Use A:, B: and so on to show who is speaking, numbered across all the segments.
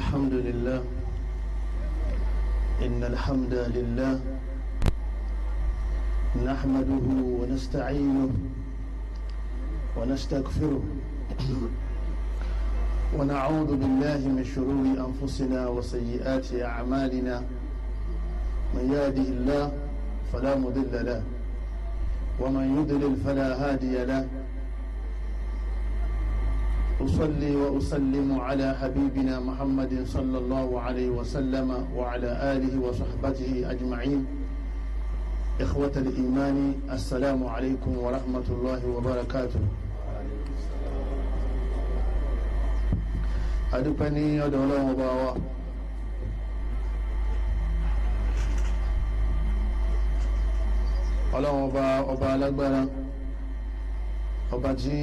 A: الحمد لله إن الحمد لله نحمده ونستعينه ونستغفره ونعوذ بالله من شرور أنفسنا وسيئات أعمالنا من يهده الله فلا مضل له ومن يضلل فلا هادي له أصلي وأسلم على حبيبنا محمد صلى الله عليه وسلم وعلى آله وصحبته أجمعين إخوة الإيمان السلام عليكم ورحمة الله وبركاته أدبني أدولا مباوا ọlọ́run ọba ọba alágbára ọba tí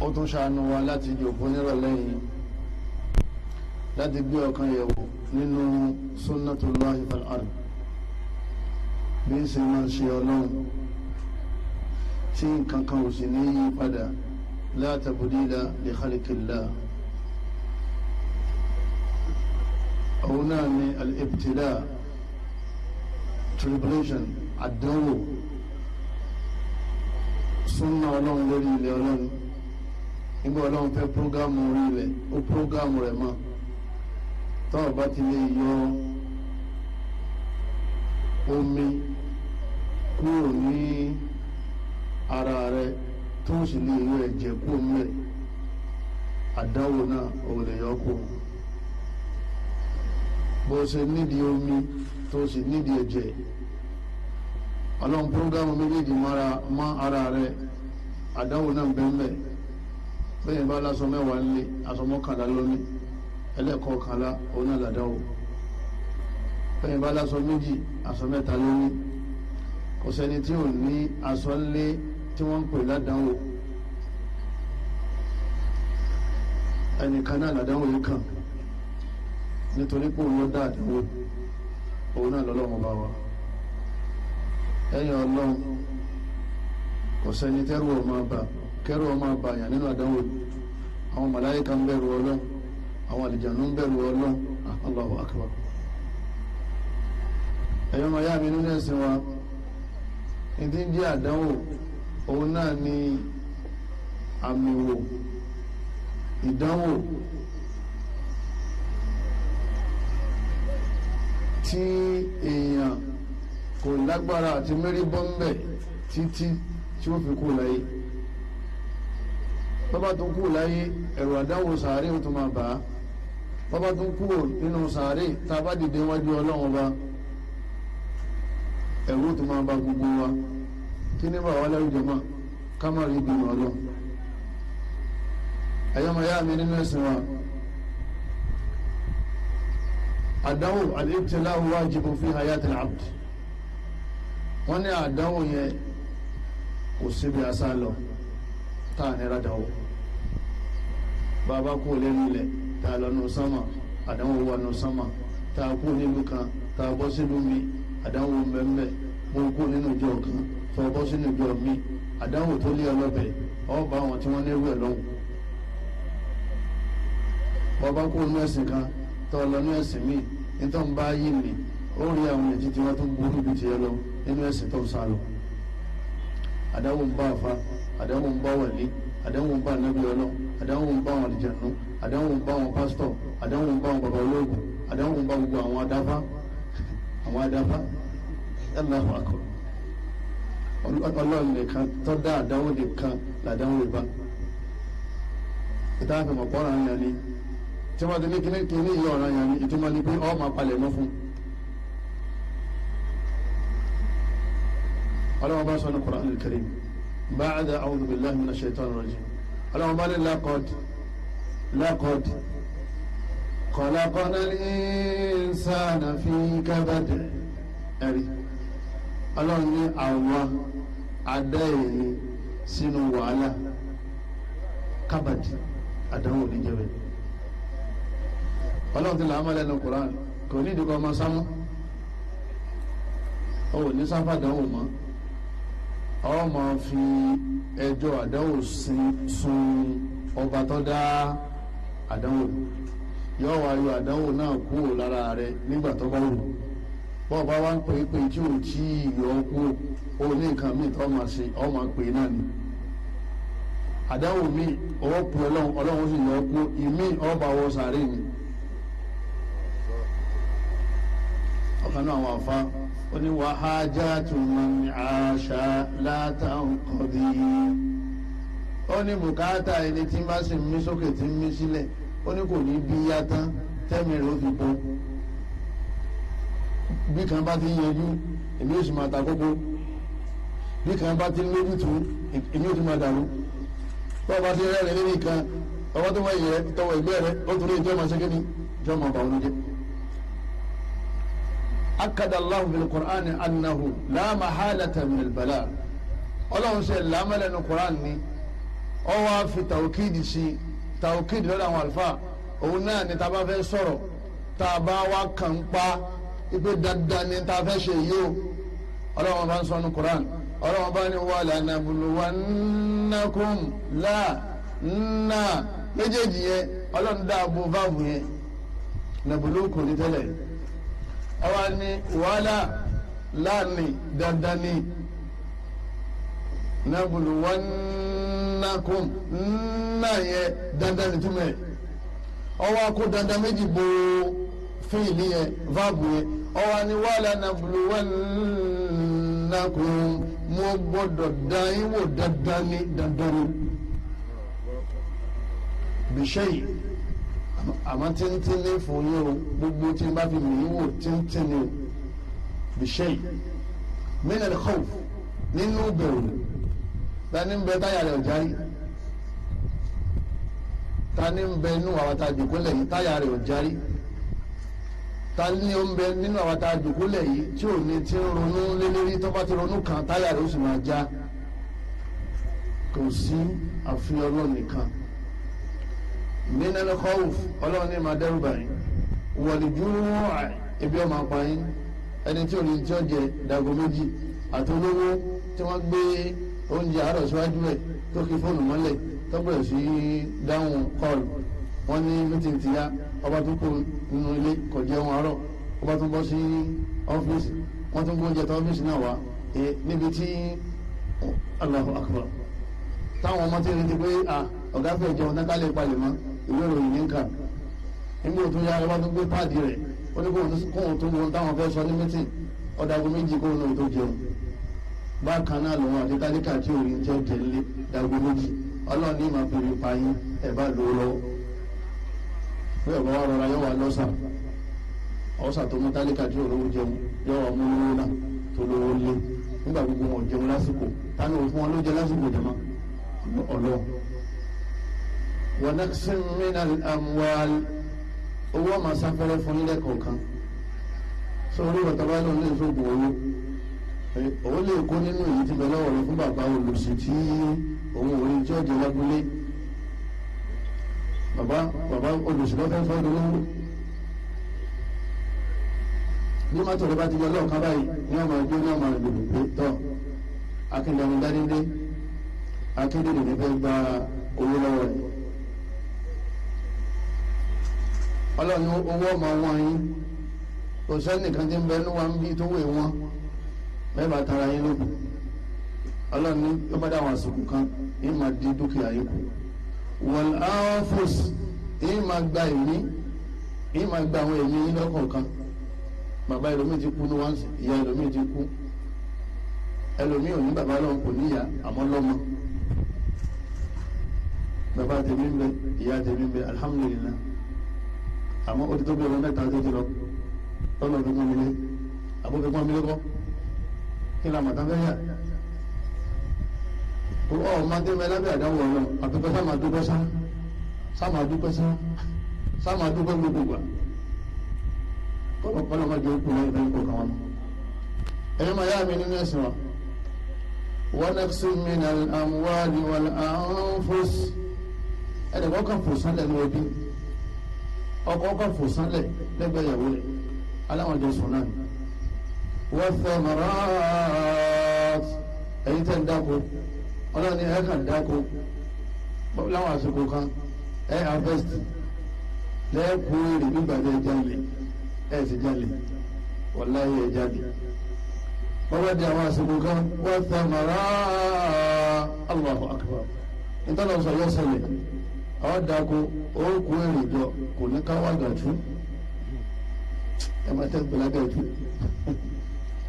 A: ó tún ṣàánú wa láti jòkó nírọ̀lẹ́ yìí láti gbé ọkàn yẹ̀wò nínú sunnatullahi fil ard bí ń ṣe máa ṣe ọlọ́run tí nǹkan kan ò sì ní yí padà la tabdila li khalqillah òun náà ni al-ibtila tribulation àdánwò sunna ọlọ́run lórí ilẹ̀ ọlọ́run. nígbà ọlọ́run fẹ́ prógámù orí rẹ̀ ó prógámù rẹ̀ mọ́ bá ti yọ omi kúrò ní ara rẹ tó sì lè yọ ẹ̀jẹ̀ kúrò ní rẹ̀ àdáwò náà omi tó sì nídìí ẹ̀jẹ̀ ọlọ́run prógámù méjèèjì mọ́ ara rẹ àdáwò náà bẹ́ẹ̀ bẹ́ẹ̀ bá lásán mẹ́wàá nílé aṣọ mọ́kànlá lónìí ẹlẹ́kọ̀ọ́kànlá òun náà làdá o bẹ́ẹ̀ bá lásán méjì aṣọ mẹ́ta lónìí kò sẹ́ni tí ò ní aṣọ nílé tí wọ́n ń pè ládàáwò ẹnìkan náà làdánwò yìí kàn nítorí pé òun ló dá àdánwò òun náà lọ́lọ́run bá wa ẹ̀yìn ọlọ́run kò sẹ́ni tẹ́rù ọ̀ máa bà kẹ́rù ọmọ àbàyàn nínú àdánwò yìí àwọn màláyíkà ń bẹ̀rù ọlọ́run àwọn àlìjànú ń bẹ̀rù ọlọ́run Allahu akbar ẹ̀yọ́ máa yá mi nínú ẹ̀sìn wa jẹ́ àdánwò òun náà ni àmìwò ìdánwò tí èèyàn kò lágbára àti títí tọ́ba tó kú láyé ẹ̀rù àdáwò sàárè tó máa bá tọ́ba tó kú nínú sàárè tá a bá dìde wájú ọlọ́run ọba ẹ̀rù tó máa bá gbogbo wa kí ní bàbá lẹ́rù jọmọ́ ká má rí ìbìmọ̀ ọlọ́run ẹ̀yọ́mọ̀ mi nínú ẹ̀sìn wa àdánwò al-ibtilā'u wājibun fī ḥayātil 'abd wọ́n ní àdánwò yẹn kò síbi àṣà lọ tá a nira dánwò. bàbá kú lẹ́nu ilẹ̀ tá a lọ nù sánmà àdánwò wà nù kan tá a bọ́ mi àdánwò mbẹ́mbẹ́ mo kú nínú ìjọ ọkan tó a mi àdánwò tó lé ọlọ́bẹ̀ ọ̀ bá àwọn tí wọ́n ní ewé lọ́wọ́ bàbá kú kan taa a lọ mi nítorí mi àdáwò ń bá àfa àdáwò ń bá wàlí àdáwò ń bá ànábì ọlọ́ àdáwò ń bá àwọn àlìjànú àdáwò ń bá àwọn pásítọ̀ àdáwò ń bá àwọn bàbá olóògùn àdáwò ń bá gbogbo àwọn adáfá àwọn adáfá Allahu akbar ọlọ́run nìkan tó dá àdáwò nìkan làdáwò ìbá ìtàn àfihàn pọ́nrán yẹn ni tí wọ́n ti ní kíní kíní yìí ọ̀ràn yẹn ni ìtumọ̀ ni pé ọ́ máa palẹ̀ mọ́ fún un. ọlọ́wọ́n bá sọ ní Qur'an al-Karim ba'da a'udhu billahi minash shaitan rajim ọlọ́wọ́n bá ní laqad laqad khalaqna al-insana fi kabad ẹ̀rí ọlọ́run ní àwọn adá èyí sínú wàhálà kábàdì àdánwò níjẹ̀bẹ̀ ọlọ́run ti là á mọ́ Qur'an kò ní ìdíkọ́ ọmọ sámú ó ní sáfà dánwò mọ́. ọ ma fi ẹjọ́ àdánwò sun ọba tó dá àdánwò yóò wá àdánwò náà kúrò lára rẹ nígbà tó bá wù bọ́ọ̀ bá wá ń pè é pé tí ò tí ì yọ kúrò ó ní nǹkan míì tó máa ṣe máa ni míì ọwọ́ pu ọlọ́run ọlọ́run sì yọ ìmíì ọba wọ sàárè ó ní wàhájà tùmọ̀ ní àṣà látàwọn kọ̀bí ó ní bùkátà ẹni tí bá sì mí sókè tí mí sílẹ̀ ó ní kò ní bí yá tán tẹ́mi rẹ̀ ó fi bọ́ bí kan bá ti yẹjú èmi ò sì máa ta kókó bí kan bá ti lójútu èmi ò ti máa dàrú tó o bá ti rẹ́rìn nínú ìkan ọwọ́ tó wáyé rẹ tọwọ́ ẹgbẹ́ rẹ ó torí ìjọ́ máa ṣe kí ni ìjọ́ máa bàwọn jẹ́ akada allahu bil qur'ani annahu la mahalata min al bala ọlọ́run ṣe làmẹ́lẹ̀ ní quran ni ó wá fi tawkidi sí tawkidi lọ́dọ̀ àwọn àlùfáà òun náà ni tá a bá fẹ́ sọ̀rọ̀ tá a bá wá kàn ń pa ipe dandan ni tá a fẹ́ ṣe yìí o ọlọ́run bá ń sọ ní quran ọlọ́run bá ní wà lànà bùlùwánnákùn là nà méjèèjì yẹn ọlọ́run dáàbò fáàbù yẹn nàbùlù kò ní tẹ́lẹ̀ yìí. àwa ni wàhálà láàánì dandan ni nàbùlù wánnákùn nná yẹ dandan ni túmọ̀ yẹ ọwọ́ akó dandan méjì bo fiili yẹ váàbù yẹ ọwọ́ ni wàhálà nàbùlù wánnákùn mo gbọ́dọ̀ dán yín wò dandan ni dandan ni àmọ́ tíntín ní fún yín o gbogbo tí n bá fi mìí wò tíntín ní o bìṣẹ́ yìí mínà ní kọ́ọ̀f nínú bẹ̀rù tani ń bẹ táyà rẹ̀ ọ̀já rí tani ń bẹ nínú àwọn tá a yìí táyà rẹ̀ ọ̀já tani bẹ nínú àwọn tá yìí tí ò ní ti ronú lélẹ́rí tó ti ronú kan táyà rẹ̀ ó sì máa já kò sí àfihàn ọlọ́ọ̀ nìkan minal khawf ọlọ́run ní máa dẹ́rù báyìí wọ̀lì júwọ́ ebi ọmọ apá yín ẹni tí òní tí ó jẹ dàgọ́ méjì àti olówó tí wọ́n gbé oúnjẹ àárọ̀ síwájú ẹ̀ tó kí fóònù mọ́lẹ̀ tó bẹ̀rẹ̀ sí dáhùn kọ́ọ̀lù wọ́n ní mítìn tìyá ọba tó kó nínú ilé kò jẹun àárọ̀ ọba tó bọ́ sí ọ́fíìsì wọ́n tún gbóúnjẹ tó ọ́fíìsì náà wá níbi tí Allahu akbar táwọn ọmọ tí ń retí pé ọ̀gá fẹ́ jẹun náà ká lè palẹ̀ mọ́ ìwé ìròyìn ní kà nígbà tó yára wá tó gbé páàdì rẹ̀ ó ní kóhun tó wọn táwọn fẹ́ sọ ní mítìn ọ̀dàgún méjì kóhun náà tó jẹun bákan náà lòun àti tí ò rí ń jẹ́ tẹ̀lé méjì bá lò ó rọra tó mú wa naqsin minal amwal owó ọmọ sáfẹ́rẹ́ fún ilé kọ̀ọ̀kan sọ̀rọ̀ ìwọ̀n tábà lọ ní ìṣògùn owó òun lè kó nínú èyí tí bẹ lọ́wọ́ rẹ fún bàbá olùsìn tí òun ò rí jọ́ọ̀jì lágbólé bàbá bàbá olùsìn lọ́fẹ́ fẹ́ lọ́wọ́ ní mọ́tò rẹ bá ti yọ lọ́ọ̀ká báyìí ní ọmọ ẹgbẹ́ ní ọmọ ẹgbẹ́ pé tọ́ akéde ọmọ dé akéde lè fẹ́ gba owó lọ́wọ́ rẹ. ọlọ́run owó ọmọ wọn yín kò sẹ́nìkan tí ń bẹ níwọ̀n bí tó wé wọn mẹ́bàá tara yín lóbi ọlọ́run ní yóò bá dáwọn àsìkò kan yín máa di dúkìá yín kù wọ́n áwọn fòsì yín máa gba èmi yín máa gba àwọn èmi yín lọ́kọ̀ọ̀kan bàbá ẹlòmíì ti kú ní wọ́n ìyá ẹlòmíì ti kú ẹlòmíì ò ní bàbá lọ́wọ́ kò níyà àmọ́ lọ́mọ bàbá tèmi ń bẹ ìyá tèmi ń bẹ alihamudulilayi àmọ́ ó ti tó bí ọmọ mẹ́ta tó ti lọ tọ́lọ̀ tó ti mi lé àbókè pọ́n mi lọ́kọ́ kí ni àmọ̀tán fẹ́ yà ọ ọmọdé mi lábẹ́ àdáwọ̀ ọ̀rọ̀ àtúntò sáà máa dúpẹ́ sáà sáà máa dúpẹ́ sáà sáà máa dúpẹ́ gbogbo gbà kọ́lọ̀ kọ́lọ̀ má jẹ́ òkú lẹ́yìn fẹ́ kó kàn wọ́n. ẹ̀yin máa yá mi nínú ẹ̀sìn wa wọ́n náà sí mi náà àwọn wáàdì wọn àwọn fòsì ẹ̀dẹ̀ wọ́n kàn fòsì ọkọ ọkọ fò sánlẹ̀ lẹ́gbẹ̀ẹ́ ìyàwó rẹ̀ aláwọn ọjọ́ sùn náà ni. wọ́n fẹ́ mọ̀rọ́ ẹ̀yin tẹ́ ń dáko ọlọ́ni ẹ̀ kàn dáko láwọn àsìkò kan ẹ̀ harvest lẹ́ẹ̀kú èrè nígbà tẹ́ jalè ẹ̀ sì jalè wàláyé ẹ̀ jalè. bọ́lá di àwọn àsìkò kan wọ́n fẹ́ mọ̀rọ́ Allahu akbar ìtọ́lọ́sọ yọ sẹlẹ̀ ọ̀ dáko orúkọ èrè jọ kò ní káwá gàjú ẹ máa tẹ́ gbẹ́lá gàjú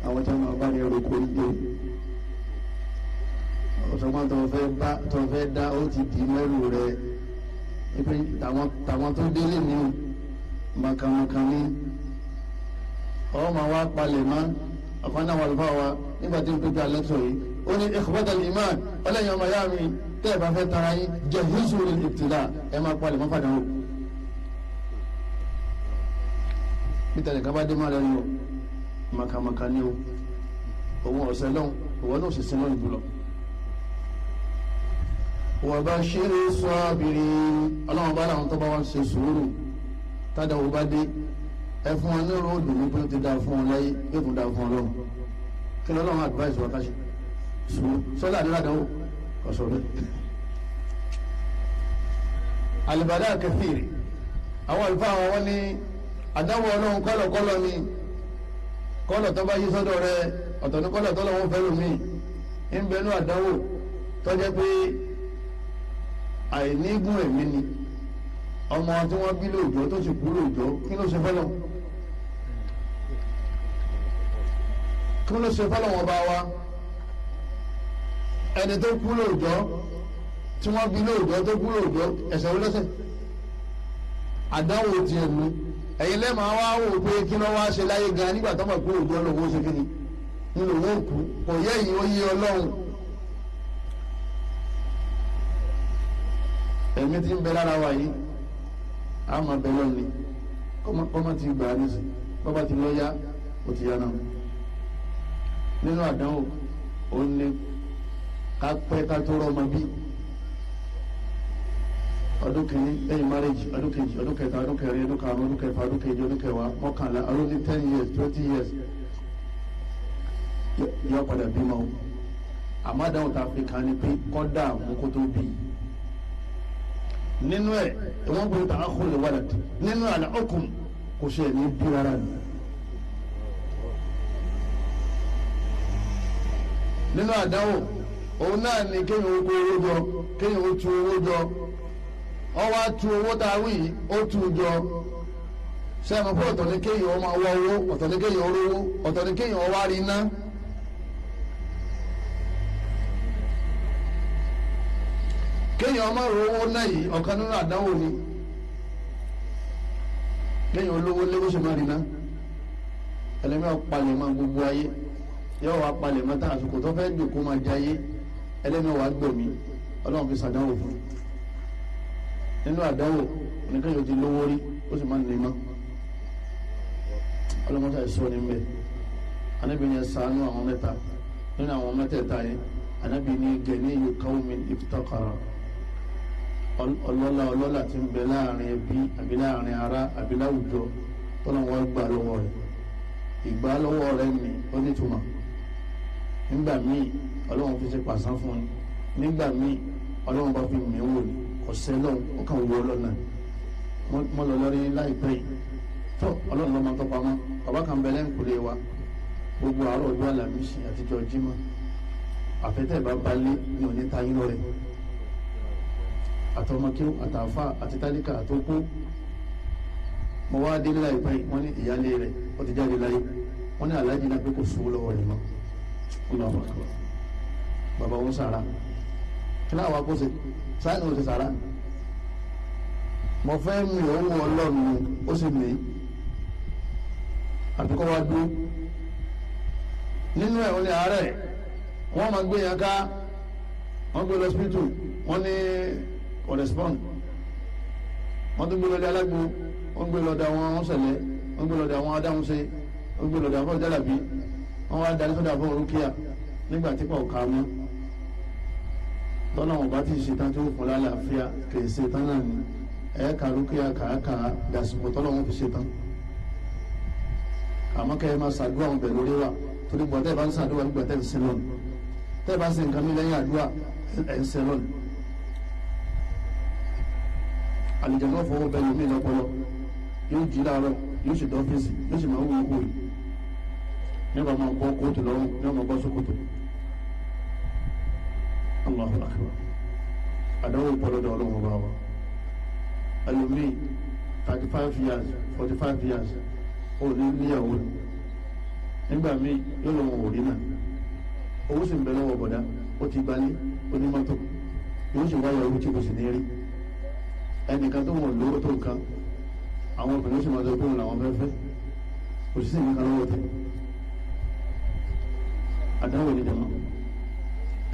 A: àwọn tí wọn bá ní orúkọ ìjọ ọ̀sọ̀gbọ́n tó fẹ́ bá tó fẹ́ dá ó ti di mẹ́rù rẹ ipe tàwọn tó délé mi ò màkàmàkà ni ọmọ wa palẹ̀ mọ́ ọ̀kan náà wà lọ́wọ́ wa nígbà tí n pèpè alẹ́ sọ yìí ó ní ikhwata al-iman ọlẹ́yìn ọmọ yá mi tẹ́ ẹ bá fẹ́ tara yín jẹ húsù lè ìbtìlá ẹ máa palẹ̀ mọ́ fàdánwò. peter nìkan bá dé má lẹ́nu o makamaka ni o òun ọ̀sẹ̀ lọ́hùn òun náà sì sin lọ́hùn jùlọ. wọ́n bá ṣeré sọ abiri ọlọ́run bá làwọn tó bá wá ń ṣe sùúrù tádà wò bá dé ẹ fún wọn ní ròdù wípé ó ti dáa fún wọn láyé yóò tún dáa fún wọn lọ́hùn kí ni ọlọ́run advice wa ká ṣe sùúrù sọ́lá àdúrà ọ̀sọ̀rọ̀ alìbàdà kẹfìrì àwọn àlùfáà àwọn wọn ní àdáwọ̀ ọlọ́run kọ́lọ̀kọ́lọ̀ ni kọ́lọ̀ tó bá yí sọ́dọ̀ rẹ ọ̀tọ̀ ní kọ́lọ̀ tọ́lọ̀ wọn fẹ́ lómi ń bẹnu àdáwò tọ́jẹ́ pé àìnígùn ẹ̀mí ni ọmọ tí wọ́n bí lóòjọ́ tó sì kú lóòjọ́ kí ló ṣe fọ́lọ̀ kí ló ṣe fọ́lọ̀ wọn bá wa ẹni tó kú lóòjọ́ tí wọ́n bí lóòjọ́ tó kú lóòjọ́ ẹ̀ṣẹ̀ wo lẹ́ṣẹ̀ àdánwò tiẹ̀ nu ẹ̀yin lẹ́mọ̀ á wá wò pé kí ló wá ṣe láyé gan nígbà tó mọ̀ pé òòjọ́ lòun ó ṣe kí ni ni lòun ó kú kò yẹ yìí ó yé ọlọ́run ẹ̀mí ti ń bẹ lára wa yìí a máa bẹ lọ́ni kọ́mọ ti gbà á nísìnyí bọ́bá ti lọ́ọ́ yá ó ti yá náà nínú àdánwò ó ní ká pẹ́ ká tó rọ́ ọmọ bí ọdún kìíní lẹ́yìn marriage ọdún kejì ọdún kẹta ọdún kẹrin ọdún karùn ọdún kẹfà ọdún keje ọdún kẹwàá mọ́kànlá ọdún ní ten years twenty years yọ padà bímọ o àmọ́ àdáhùn tá a fi kàn ní pé kọ́dà àmúkó tó bí nínú ẹ̀ wọ́n gbé ta ákùnrin wàlẹ̀ nínú àlẹ́ ọkùn kò ṣe ní bí rárá ni. nínú àdáhùn. òun náà ni kéèyàn ó kó owó jọ kéèyàn ó tu owó jọ ọwọ́ á tu owó tá a wí jọ ọ̀tọ̀ ni kéèyàn ó máa wá owó ọ̀tọ̀ ni kéèyàn ó rówó ọ̀tọ̀ ni kéèyàn ó wá rí iná. kéèyàn ni kéèyàn olówó léwó ṣe máa rí iná ẹlẹ́mìí máa gbogbo ayé yóò wá palẹ̀ mọ́tà àsìkò tó fẹ́ dùn kó máa ẹlẹ́nu wa gbẹ̀mí ọlọ́run fi sàdánwò fún nínú àdánwò nìkan yóò ti lówó rí ó sì máa ń nímọ́ ọlọ́mọta ẹ̀sọ́ ni mbẹ́ anábì yẹn sànú àwọn mẹ́ta nínú àwọn mẹ́tẹ̀ẹ̀ta yẹn anábì ní gẹ̀ẹ́nì yóò káwọ́ mi ìfitakara ọlọ́lá ọlọ́lá ti ń bẹ láàrin ẹbí àbí láàrin ará àbí láwùjọ tọ́lọ́wọ́ gbà lọ́wọ́ rẹ̀ ìgbà lọ́wọ́ rẹ̀ ni ó nítumọ̀ nígbà míì ọlọ́run fi ṣe pàṣán fún ni nígbà míì ọlọ́run bá fi mí wò ni ọ̀sẹ̀ lọ́hùn ó kàn wọ ọlọ́nà mo lọ lórí láìpẹ́ yìí tó ọlọ́run lọ́mọ tó pamọ́ bàbá kan bẹ lẹ́ǹkulé wa gbogbo àárọ̀ ọjọ́ àlàmísì àtijọ́ jímọ̀ àfẹ́tẹ́ bá balẹ̀ ní òní tayín lọ́rẹ̀ àtọmọkíw àtàfà àti tálíkà àtòkó mo wá dé láìpẹ́ yìí wọ́n ní ìyáálé rẹ̀ ó ti jáde láyé wọ́n ní aláàjì náà pé kò sówó lọ́wọ́ rẹ̀ Allahu Akbar bàbá wọn sàrà kíláà wà kó ṣe sáyẹn ò ṣe sàrà mo fẹ́ mi ò ń wọ ọlọ́run ó sì mí àti kọ́ wa dúró nínú ẹ̀ wọ́n ní àárẹ̀ wọ́n máa correspond wọ́n tún gbé lọ di alágbo wọ́n gbé lọ di àwọn sẹ̀lẹ̀ wọ́n gbé ada di àwọn adáhunṣe wọ́n gbé lọ di wọ́n wá darí sọ́dọ̀ àbọ̀ orúkíà nígbà tí kò ká mọ́ tọ́nà wọn bá ti ṣetán tí ó fún lálàáfíà kì í ṣetán náà ni ẹ̀ẹ́ka rúkíà kàákà dàsìkò tọ́nà wọn fi ṣetán àmọ́ kẹ́ ẹ máa ṣàdúrà wọn bẹ̀ lórí wa torí gbọ́dọ̀ ẹ bá ń ṣàdúrà nígbà tẹ́ ẹ ń sin lọ́nù tẹ́ ẹ bá ṣe nǹkan mi lẹ́yìn àdúrà ẹ ń sin lọ́nù àlùjọ náà fọwọ́ bẹ́ẹ̀ lómi lọ́pọlọ yóò jí láàárọ̀ yóò ṣètọ́ fèsì yóò ṣèmọ̀ wọ́n wọ́n wọ́n ní ọba máa bọ́ kóòtù lọ́wọ́ ní ọba bọ́ sókòtò Allahu akbar àdánwò pọlọdọ Ọlọ́run bá wa ẹlòmíì thirty five years forty five years ó ní níyàwó nígbà míì yóò lọ wọn ò rí náà owó sì ń bẹ lọ́wọ́ bọ̀dá ó ti gbalé ó ní mọ́tò yóò sì wáyà owó tí kò sì ní rí ẹnìkan tó wọn lówó tó nǹkan àwọn obìnrin ó sì máa dọ̀ pé òun làwọn fẹ́ fẹ́ òṣìṣẹ́ nǹkan lọ́wọ́ tẹ̀ àdánwò ní jama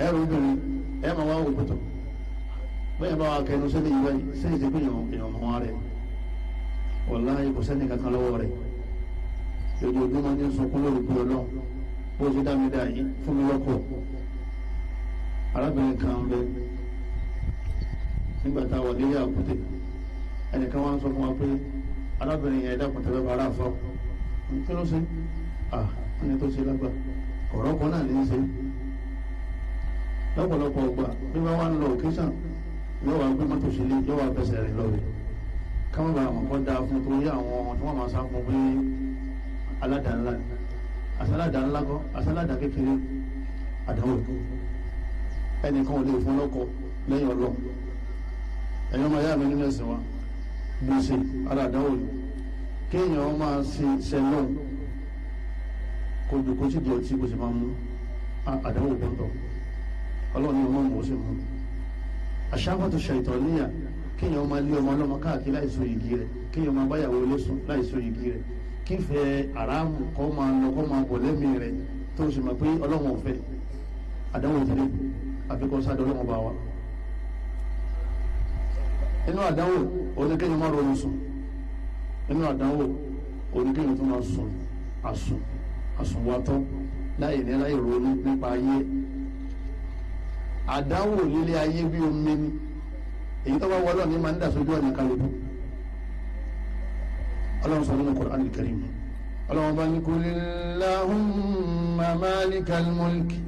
A: ẹrù obìnrin ẹ máa wá òpètò bẹ́ẹ̀ bá wa kẹnu sẹ́ni ìwé sẹ́ni ìdẹ́gbẹ́ èèyàn mọ́ wa rẹ̀ wàláhì kò sẹ́ni kankan lọ́wọ́ rẹ̀ lójoojúmọ́ ní sọkún lórí bí ọlọ́run bó ṣe dá mi dá yìí fún mi lọ́kọ̀ arábìnrin kan bẹ nígbà tá a wà nílé àkúté ẹnìkan wá ń sọ fún wa pé arábìnrin yẹn dákun tẹ́lẹ̀ bá ara fọ́ kí ló ṣe à ẹni tó ṣe lágbàá ọ̀rọ̀ kan náà ní í ṣe lọ́pọ̀lọpọ̀ ọgbà bí wọ́n wá ń lọ òkèṣàn yóò wá gbé mọ́tò sílé yóò wá fẹsẹ̀ rìn lọ rẹ̀ káwọn bá àwọn kan dáa fún torí àwọn tí wọ́n máa sá fún pé aládàá ńlá asáládàá ńlá kọ́ asáládàá kékeré àdáwò tó ẹnìkan ò lè fún lọ́kọ lẹ́yìn ọlọ́run ẹ̀yin ọmọ ayá nínú ẹ̀sìn wa gbèsè aládàá òní kéèyàn máa ṣe ṣẹlọ́ọ̀ kojú kó sì jẹ tí kó sì máa mú àdánwò bọ́ńtọ̀ ọlọ́run ní ọmọ mọ̀ ó sì mú àṣàbàtò ṣàìtàn níyà kéèyàn ọmọ ilé ọmọ ọlọ́mọ káàkiri láìsọ igi rẹ̀ kéèyàn ọmọ abáyàwó olóṣùn láìsọ igi rẹ̀ kífẹ́ aráàmù kọ́ máa lọ kọ́ máa bọ̀ lẹ́mí rẹ̀ tó sì mọ̀ pé ọlọ́run ò fẹ́ àdánwò ìdílé àfikún sáà dọ́lọ́run ọba wa inú àdánwò oníkéèyàn máa ronú sùn inú àdánwò oníkéèyàn tó máa sùn àsùn àsùnwàtọ́ láì ní láì ronú nípa ayé àdáwò nílé ayé bí omi ni èyí tó bá wọ ọlọ́ọ̀ni máa ń dà sójú ọ̀nà kálukú ọlọ́run sọ nínú Qur'an al-Karim ọlọ́run bá ní kulillahumma malikal mulki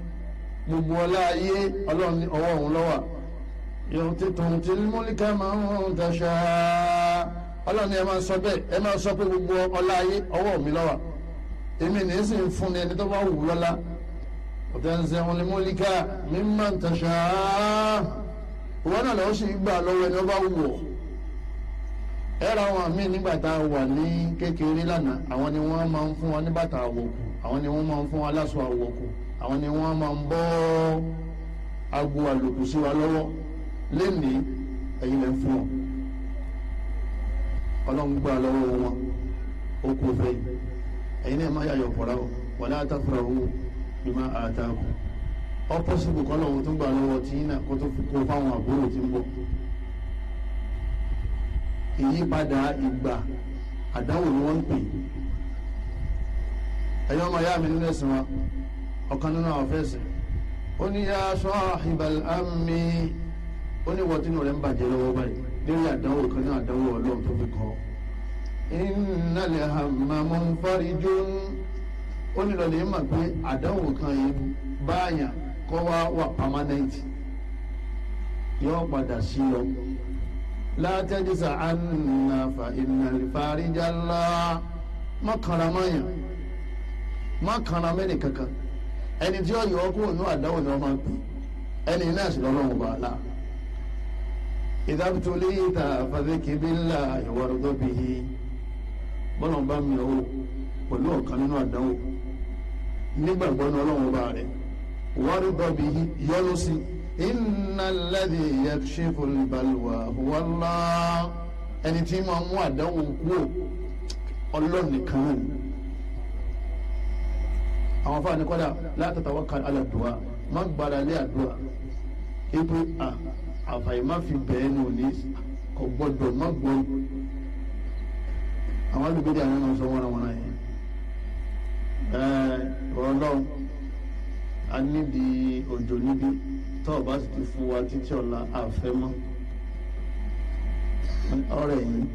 A: gbogbo ọlá ayé ọlọ́run ní ọwọ́ òun lọ́wà yóò ti tún ti múlíkà máa ń tẹ̀sà ọlọ́run ni ẹ máa sọ bẹ́ẹ̀ ẹ máa sọ pé gbogbo ọlá ayé ọwọ́ mi lọ́wà èmi ní sì ń fún ni ẹni tó bá wù lọ́lá ọ̀tẹ̀nsẹ̀ wọn lè mú líka mímọ̀ ntàṣà wọn náà lọ́wọ́ sì gbà lọ́wọ́ ẹni tó wù ọ́ ẹ̀rọ àwọn míì nígbà tá a wà ní kékeré lánàá àwọn ni wọ́n máa ń fún wa ní bàtà àwọ̀kù àwọn ni wọ́n máa ń fún wa láṣọ àwọ̀kù àwọn ni wọ́n máa ń bọ́ agbo àlòkù sí wa lọ́wọ́ lénìí ẹ̀yin lè fún ọ ọlọ́run gbà lọ́wọ́ wọn ó kú fẹ́ yìí. ẹ̀yin náà má yà o wàlá àtàkùrọ̀ o bí má àtàkù ọ̀pọ̀sibù kọ́lọ̀ tó gbà lọ́wọ́ tí yín náà kó tó kó fáwọn àbúrò tí ń bọ̀ ìyípadà ìgbà àdáwò ni wọ́n ń pè ọmọ mi nínú ẹ̀sìn wa ọ̀kan nínú àwọn fẹ́ẹ̀sì ó ní yá aṣọ àhìbàlì àmì ó ní wọ́n tínú rẹ̀ ń bàjẹ́ lọ́wọ́ báyìí lórí àdáwò kan ní àdáwò ọlọ́run tó fi kọ́ ìnàlẹ̀ àmàmọ́ ń fárí jó ó ní lọ́lẹ̀ mà pé àdánwò kan yìí báyà kọ́ wá wà pàmánẹ́ǹtì yóò padà sí lọ látẹ́jísà ànàfà ìnàlẹ̀ fárí jálá mọ́kànlámáyà mọ́kànlámẹ́nì kankan ẹni tí ó yọ ọkùnrin náà àdánwò ni wọ́n máa ń pè ẹni náà sì lọ́lọ́run bá a láà. إذا ابتليت فذك بالله وارض به bọ́lá ń bá mi ọ̀ pẹ̀lú ọ̀kan nínú àdánwò nígbàgbọ́ ní ọlọ́run ọba rẹ̀ wárí bọ́bí yọ́nú sí innal ladhi yakshiful balwa huwa Allah ẹni tí máa mú àdánwò kúrò ọlọ́run nìkan rẹ̀ àwọn afáàní kọ́dà la tatawakkal ala du'a má gbára lé àdúrà ibi àfàìmáfi bẹ́ẹ̀ ní òní kò gbọ́dọ̀ má gbọ́dọ̀ àwọn alùpùpù àwọn ọmọ sọ wọnà wọnà yẹn ẹ Ọlọ́run a níbi òjò níbi tó o bá sì ti fún wa títí ọ̀la àfẹ́ mọ́ ọ̀rẹ́ yìí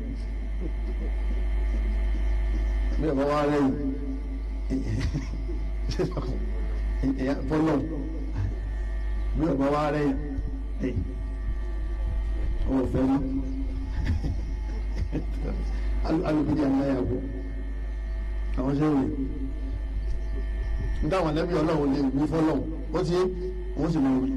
A: bí ẹ bá wá rẹ yìí bọ́lọ̀ bí ẹ bá wá rẹ yìí ọ̀fẹ́ mọ́ alùbídíà ńlá yàgò àwọn ṣe wòye nítawọn ẹlẹ́bí ọlọ́run lè wí fọlọ́run ó ti wọ́n sì mọ̀ wí.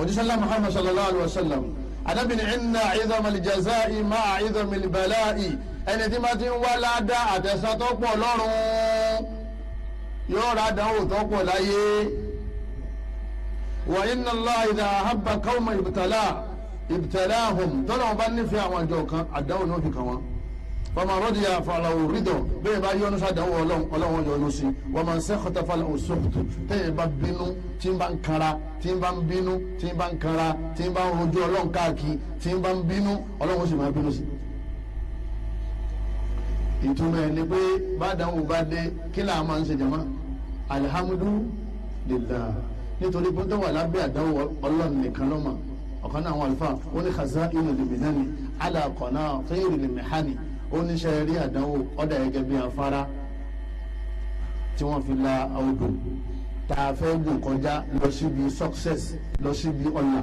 A: òjísọ́lá muhammad sallallahu alayhi wa sallam adábìnrin ẹ̀ńnà ìdọ̀mọ̀lì jẹ̀sà ìmọ̀ ìdọ̀mọ̀lì bàláì ẹni tí máa ti ń wá ládá àtẹ̀sán pọ̀ lọ́rùn yóò rà dánwò tó pọ̀ láyé wa inna Allah idha ahabba qawman ibtala ibtalaahum tọ́lá wọn bá nífẹ̀ẹ́ àwọn àjọ kan àdáwò náà fi kàn wọ́n fama rọ́dìyà fàlàwò rídọ̀ bẹ́ẹ̀ bá yọ́nu sàdánwò ọlọ́wọ́n yọ́nu sí wọ́n máa ń sẹ́ kọ́tà fàlàwò sọ́kùtù tẹ́yẹ̀ bá bínú tí ń bá ń kara tí ń bá ń bínú tí ń bá ń kara tí ń bá ń rojú ọlọ́run káàkiri tí ń bá ń bínú ọlọ́run sì máa bínú sí. ìtumọ̀ ẹ̀ ni pé bàdánwò bá dé kí là máa ń ṣe jama alihamudu lillah nítorí pé tó wà lábẹ́ àdánwò ọlọ́run nìkan lọ́mọ ọ̀kan náà àwọn àlùfáà ó ní kaza inú lèmínánì alàkọ̀nà fẹ́yìrì lèmíhánì ó ní sẹ́rí àdánwò ọ̀dà gẹ́gẹ́ bí afárá tí wọ́n fi la odò tá a fẹ́ gùn kọjá lọ síbi success lọ síbi ọ̀nà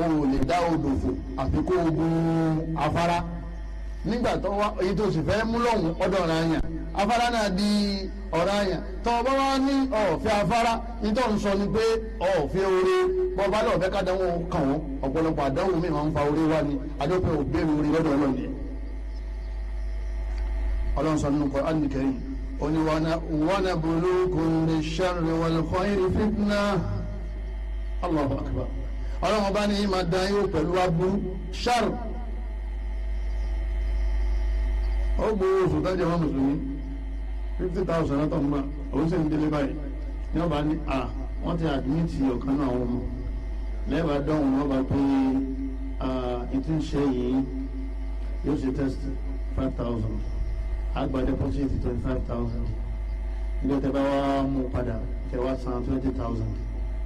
A: o lè dá odò fò àfi kó afárá nígbà tó wá èyí tó sì fẹ́ mú lọ́hùn ọ̀dọ̀ ọ̀ràn àyàn afárá náà di ọ̀ràn àyàn tó o bá wá ní ọ̀ọ́fẹ́ afárá nítorí ń sọ ni pé ọ̀ọ́fẹ́ oore bọ́ba náà fẹ́ kádánwó kàn wọ́n ọ̀pọ̀lọpọ̀ àdánwò mi máa ń fa oore wá ni adópin òbéèrè oore lọ́dọ̀ ọlọ́ọ̀ni ọlọ́run sọ nínú Qur'an Karim oni wana bulukun bi sharri wal khayri fitna Allahu akbar ọlọ́run ọba ní ìmọ̀ dán yóò pẹ̀lú aburú sharri ó gbowó oṣù tájà wọn mùsùlùmí fifty thousand látọ̀ fún wa òun sì ń délé báyìí ní ọba ní a wọ́n ti àdímìtì ọ̀kan náà wọn mu lẹ́ẹ̀bà dánwò wọn bá pé ètò ìṣe yìí yóò ṣe test five thousand àgbà deposit twenty five thousand ilé tẹ́ bá wá mú padà tẹ́ wá san twenty thousand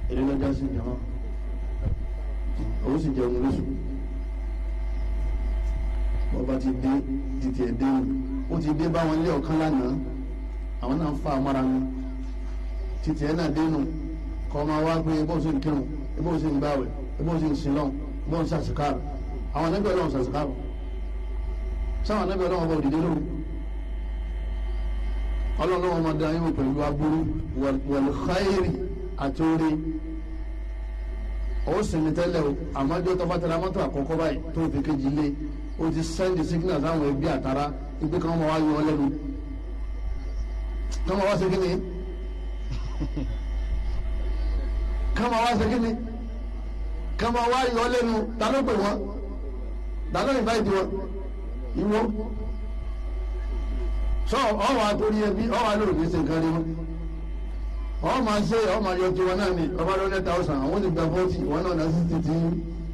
A: èdè lọ́jà sí jẹun òun sì jẹun lóṣù bọ́ba ti dé títí ẹ̀ dẹ́nu ó ti dé báwọn ilé ọ̀kan lánàá àwọn náà ń fa àmọ́ra mi títí ẹ̀ náà dẹ́nu kọ́ máa wá pé ebó ń sìn kírun ebó ń sìn gbàwẹ̀ ebó ń sìn sílọ̀ ebó ń sàṣìkàrò àwọn anábì ọlọ́run sàṣìkàrò sáwọn anábì ọlọ́run ọba òdìdé lóru ọlọ́run ọmọ ọmọdé ayé wò pẹ̀lú aburú wọ̀lùkáyèrè àti orí ó sì ní tẹ́lẹ̀ o àmọ́jọ́ tó bá tẹ̀lé amọ́tò àkọ́kọ́ báyìí tó fi kejì lé o ti sẹ́ndì sígínà sáwọn ẹbí àtàrà ìgbé kan máa wá yọ ọ lẹ́nu kan máa wá ṣe kíni kan máa wá ṣe kíni kan máa wá yọ ọ lẹ́nu ta ló pè wọ́n ta ló invite wọn ìwọ sọ ọwọ́ àtòrí ẹbí ọwọ́ àlòrò kìí ṣe nǹkan rí wọn ọ máa ṣe ọ máa yọ tiwọn náà ni ọba lọ́dẹ tàwọn sàn àwọn ti gba fọ́ọ̀tì wọn náà náà sì ti ti yín.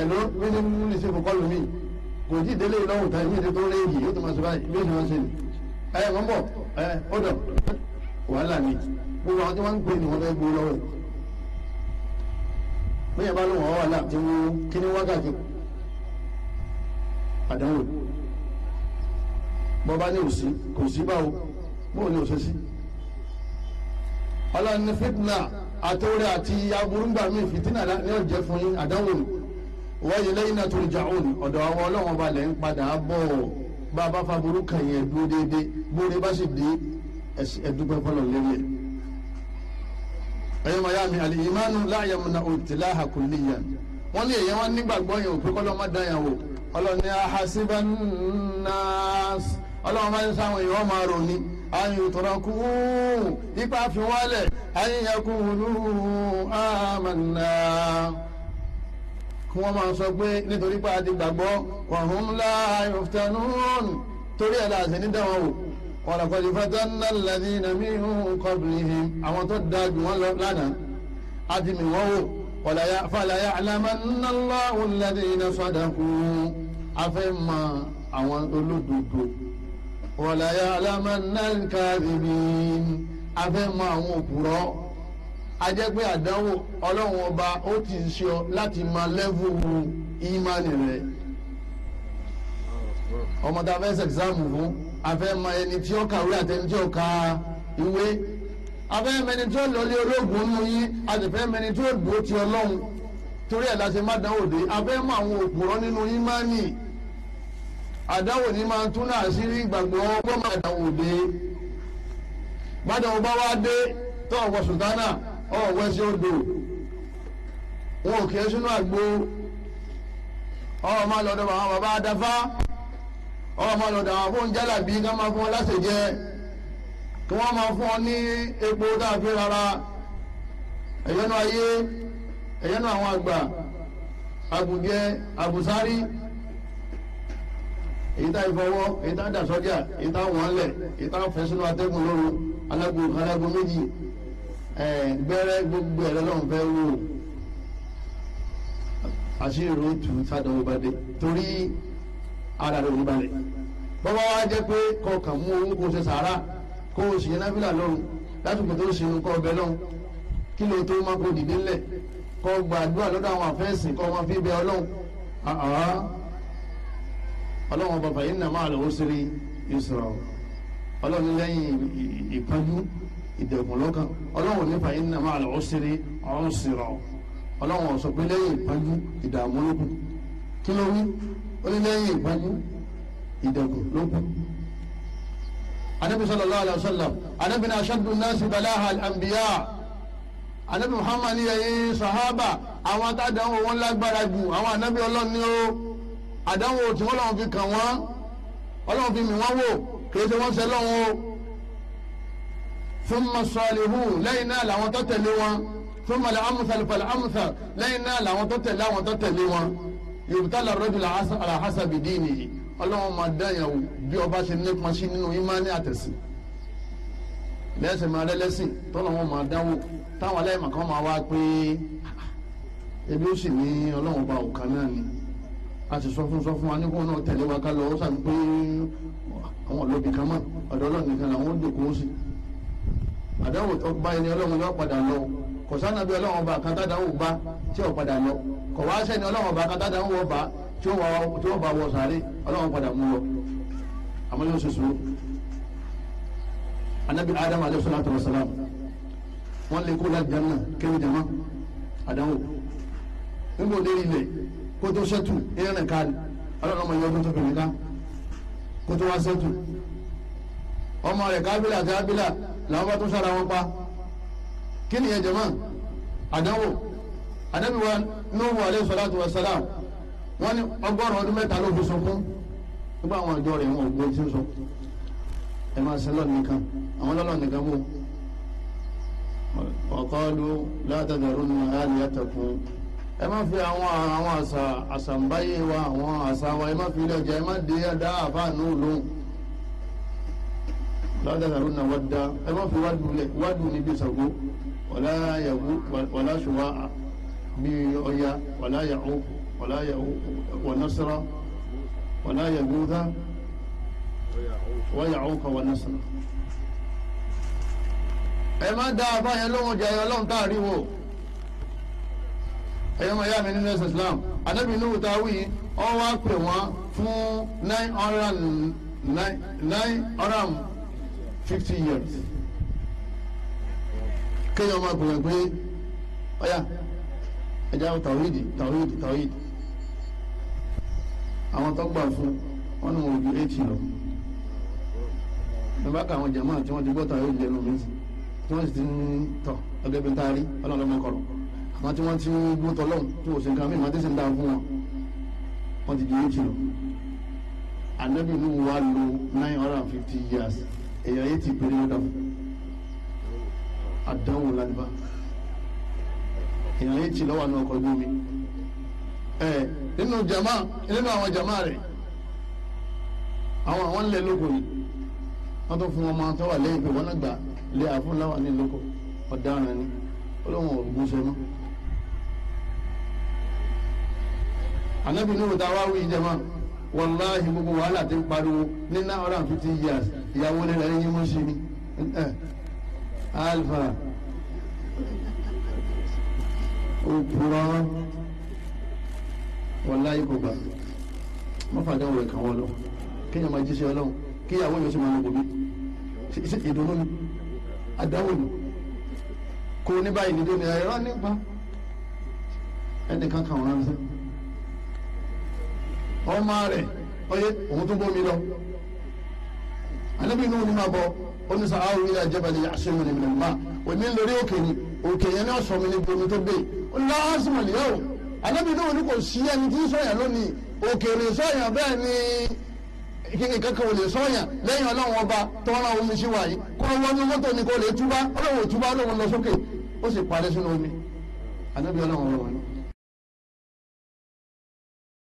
A: ẹnu bí ní mú ní sèkò kọlù mí kò tí délé lọ́wọ́ tán yìí tó lé yìí yóò tó máa sọ báyìí bí ó sì máa ṣe ni ẹ mọ̀ bọ̀ ẹ ó dọ̀ wàhálà ni gbogbo àwọn tí wọ́n ń pè ní wọ́n fẹ́ gbowó lọ́wọ́ bẹ́ẹ̀ bá lóun ọ̀wà là ti wú kíní wákàtí àdánwò bọ́ba ní òsì kò sí báwo bóun ní òṣèṣì ọlọ́ni fitna àtọ́rẹ́ àti aburú gbàmí fitina ni ó jẹ́ fún yín àdánwò nù wa ilayna turja'un ọ̀dọ̀ àwọn ọlọ́run ọba lẹ́ ń padà bọ̀ bá a bá fa burúkà yẹn dúró déédéé bóore bá sì dé ẹ̀dúpẹ́ fọlọ́ lórí ẹ̀. ẹ̀yin maya mi àlè ìmánu láàyè mu na òtìláhà kò níyà wọ́n ní èyí wọ́n nígbàgbọ́ yẹn òpin kọ́lọ́ má dáyà wò ọlọ́ni ahasiba nnaas ọlọ́run máa ń sáwọn èèyàn máa rò ní ayò tọrọkù ipa fi wálẹ̀ ayé yẹ kúrú àmàlà kí wọ́n máa sọ pé nítorí pé a ti gbàgbọ́ wàhùn ńlá ayọ̀fẹ́nùún torí ẹ̀ láti ní dáwọn wò ọ̀làkọ̀dì fatanna alladhina min qablihim àwọn tó dáa jù wọ́n lọ lánàá a ti mì wọ́n wò falaya'lamanna Allahu alladhina sadaqu afẹ́ mọ àwọn olódodo walaya'lamanna alkadhibin afẹ́ mọ àwọn òpùrọ́ ajẹ́pẹ́ àdánwò ọlọ́run ọba ó ti ṣe ọ láti máa lẹ́vù ìmánì rẹ̀ ọmọ tá a fẹ́ sẹ̀gzámù fún afẹ́ mọ ẹni tí ó kàwé àti ẹni tí ó ka ìwé afẹ́ mẹni tí ó lọlé ológun nù yín àtẹ̀fẹ́ mẹni tí ó dúró ti ọlọ́run torí ẹ̀ la ṣe má dánwò dé afẹ́ mọ àwọn òpùrọ́ nínú ìmánì àdánwò ní máa tún náà sí rí gbàgbọ́ ọgbọ́n máa dánwò dé bá dánwò bá wá dé tọ́wọ́ sùtánà ọ̀wẹ́ sí odò wọn ò kí ẹ sínú àgbo ọmọ lọ́dọ̀ àwọn bàbá adáfá ọmọ lọ́dọ̀ àwọn fún jálàbí ká máa fún ọ lásèjẹ kí wọ́n máa fún ọ ní epo tá a fi rárá ẹ̀yẹ́nu ayé ẹ̀yẹ́nu àwọn àgbà àgùnjẹ àgùsárí èyí tá ìfọwọ́ èyí tá dà sọ́jà èyí tá wọ́n lẹ̀ èyí tá fẹ́ sínú atẹ́gùn lóru alágbó alágbó méjì gbẹ́rẹ́ gbogbo ẹ̀rọ náà fẹ́ wò àṣírí ròtù sádàn ìbàdí torí ara rẹ̀ ìbàdí bọ́wọ́ wá jẹ́ pé kọkàn mú òun kò ṣe sàárà kó o sì yẹn náfìlà lọ́rùn lásìkò tó ṣe nǹkan ọbẹ̀ lọ́run kí ló tó má kó dìde ńlẹ̀ kó gbàdúrà lọ́dọ̀ àwọn àfẹ́sìn kó máa fi bẹ ọlọ́run ọlọ́run bàbá yìí nà máa lọ́wọ́ sí rí Israel ọlọ́run lẹ́yìn ìpájú ìdẹ̀kùn lọ́kàn ọlọ́run nípa inna ma'al usri usra ọlọ́run ọ̀sọ̀ pé lẹ́yìn ìpájú ìdààmú ló kù kí ló wí ó ní lẹ́yìn ìpájú ìdẹ̀kùn ló kù. anabi sallallahu alayhi wa sallam anabi na ashaddu nasi balaha al-anbiya anabi muhammad ni ẹ̀yin sahaba àwọn atádàwọn wọn lágbára jù àwọn anabi ọlọ́run ni ó àdánwò tí ọlọ́run fi kàn wọ́n ọlọ́run fi mì wọ́n wò kì í ṣe wọ́n ṣe lọ́wọ́ o thumma salihun lẹ́yìn náà làwọn tó tẹ̀lé wọn thumma al-amthal fal-amthal lẹ́yìn náà làwọn tó tẹ̀lé àwọn tó tẹ̀lé wọn yubtala ar-rajulu ala hasabi dinihi ọlọ́wọ́n máa dáyàn wò bí ọba ṣe nípa sí nínú ìmánì àtẹ̀sí lẹ́sẹ̀ máa rẹ́lẹ́sìn tọ́lọ́wọ́n máa dánwò táwọn aláìmọ̀ kan máa wá pé ah, ah, ebi ó sì ní ọlọ́wọ́n ọba òkan náà ni a sì sọ fún sọ fún wa nígbà náà tẹ̀lé wa ká lọ ó sàn pé àwọn olóbì kan mọ̀ ọ̀dọ́ ọlọ́ọ̀nì kan làwọn ó dòkó sí i. àdáwò tó ẹni ọlọ́run náà padà lọ kò sánà bí ọlọ́run ọba àkátàdáwò bá tí ò padà lọ kò wá sẹ́ni ọlọ́run ọba àkátàdáwò ọba tí ó bá wọ sàárè ọlọ́run padà mú lọ àmọ́ yóò anabi adam alayhi wa salam wọn lè kó láti náà kéwì jẹun àdáwò nígbà òde ilẹ̀ káàdì ọlọ́run ọmọ yẹn ọdún tó wá ọmọ làwọn bá tún sára wọn pa kí nìyẹn jẹmọ àdánwò ànábì wa Nuhu alayhi salatu wa salam wọn ní ọgọ́rùn ọdún mẹ́ta ló fi sunkún nígbà àwọn àjọ rẹ̀ wọn ò gbé tí ń sọ ẹ máa ṣe lọ́ọ̀ nìkan àwọn lọ́ọ̀ nìkan mú ọ̀kọ́ọ́dún látàdàrún ní àárín àtẹ̀kùn ẹ má fi àwọn àwọn àṣà àṣà wa àwọn àṣà wa ẹ má fi ilé ọjà ẹ má dé ẹ̀dá àbá àánú lóhùn látàlárò náà wá dá ẹ má fi wádùú lẹ wádùú níbi ìsàgó wàlá yàgò wàlá ṣùwà bí ọya wàlá yàgò wàlá yàgò wànásírà wàlá yàgò dá wàyàgò kà wànásírà. ẹ má dá abáyẹn lóhùn jẹ ọlọ́run tá a rí wò ẹ̀yọ́ máa yá mi nínú ẹ̀sìn Islam anábì Nuhu ta wí ọ wá pè wọ́n fún nine hundred nine hundred fifty years Kenya máa gbìyànjú pé ọ̀yà ẹja tàwídì tàwídì tàwídì àwọn tó gbà fún wọn ni wọn ò ju eighty lọ ẹ bá ka àwọn jàmáà tí wọn ti gbọ́ tàwídì lẹ́nu mi tí wọn sì ti ń tọ̀ ọgẹ́ bí n taari ọlọ́run lọ́mọ kọ̀rọ̀ àwọn tí wọ́n ti ń gbó tọ́lọ́hún tí wọ́n sì ń kan mí màtí sì ń dáa fún wọn wọ́n ti ju eighty lọ anabi nu wa lo nine hundred and fifty years èèyàn yìí ti bèrè ọ̀dà àdánwò lánìbá èèyàn yìí ti lọ́wọ́ àná ọkọ̀ ojú mi ẹ nínú jama nínú àwọn jama rẹ̀ àwọn àwọn ńlẹ̀ lóko yìí wọ́n tó fún wọn máa tọ́wà lẹ́yìn pé wọ́n náà gbà lé àfúnláwà ní lóko ọ̀daràn ni olóhùn ògúnṣe mọ́. ànábì ní òòtà wá wí jẹ́ wàláhì gbogbo wàhálà ti ń pariwo ní nine hundred and fifty years ìyàwó rẹ̀ rẹ̀ yín mú sí mi eh, alfa òpùrọ̀ wàláhì gbogbo mọ́fàdé òwe kàn wọ́n lọ kéèyàn máa jíṣẹ́ ọlọ́run kéèyàwó yóò sì máa lọ́gbọ̀n mi ṣe ìdùnnú mi àdáwò mi kò ní báyìí nídìí ní ẹ̀rọ nípa ẹnìkan kàn wọ́n ránṣẹ́ ọmọ rẹ̀ ọyẹ òun tó bómi lọ anabi nuhu ni ma bọ oní sàn áwọn ilé ajabali aṣẹ́wó ni minna ma òní lórí òkè ni òkè yẹn ní ọ̀sọ̀ mi ni bomi tó dé o ní lọ́wọ́sìmọ̀ lè yẹ o anabi nuhu ni kò sí ẹni tí sọ̀yàn lónìí òkèèrè sọ̀yàn bẹ́ẹ̀ ni kíni kankan ò lè sọ̀yàn lẹ́yìn ọlọ́run ọba tọ́ra omi sí wáyé kó wọnú mọ́tò ni kó lè túbá ọlọ́run ò túbá ọlọ́run lọ sókè ó sì parẹ́ sínú omi anabi ọlọ́run ọlọ́run